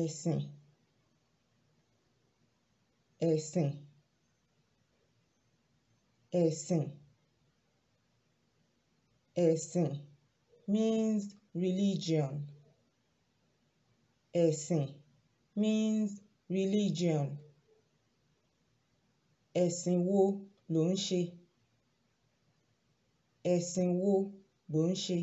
ẹ̀sìn ẹ̀sìn ẹ̀sìn ẹ̀sìn means religion ẹ̀sìn means religion ẹ̀sìn wo lò ń ṣe ẹ̀sìn wo lò ń ṣe